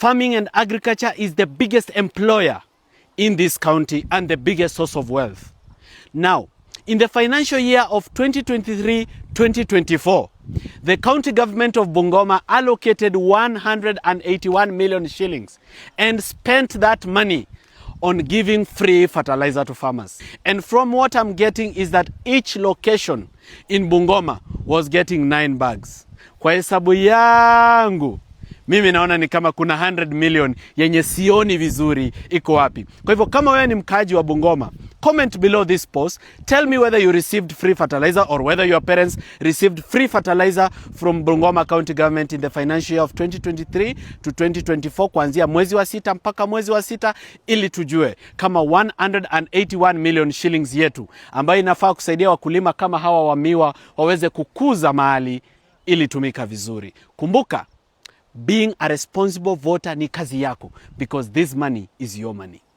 farming and agriculture is the biggest employer in this county and the biggest source of wealth. Now, in the financial year of 2023-2024, the county government of Bungoma allocated 181 million shillings and spent that money on giving free fertilizer to farmers. And from what I'm getting is that each location in Bungoma was getting nine bags. Kwa hesabu yangu, mimi naona ni kama kuna 100 million yenye sioni vizuri iko wapi. Kwa hivyo kama wewe ni mkaaji wa Bungoma, comment below this post, tell me whether you received free fertilizer or whether your parents received free fertilizer from Bungoma County Government in the financial year of 2023 to 2024 kuanzia mwezi wa sita mpaka mwezi wa sita ili tujue kama 181 million shillings yetu ambayo inafaa kusaidia wakulima kama hawa wa miwa waweze kukuza mahali ili tumika vizuri. Kumbuka being a responsible voter ni kazi yako because this money is your money.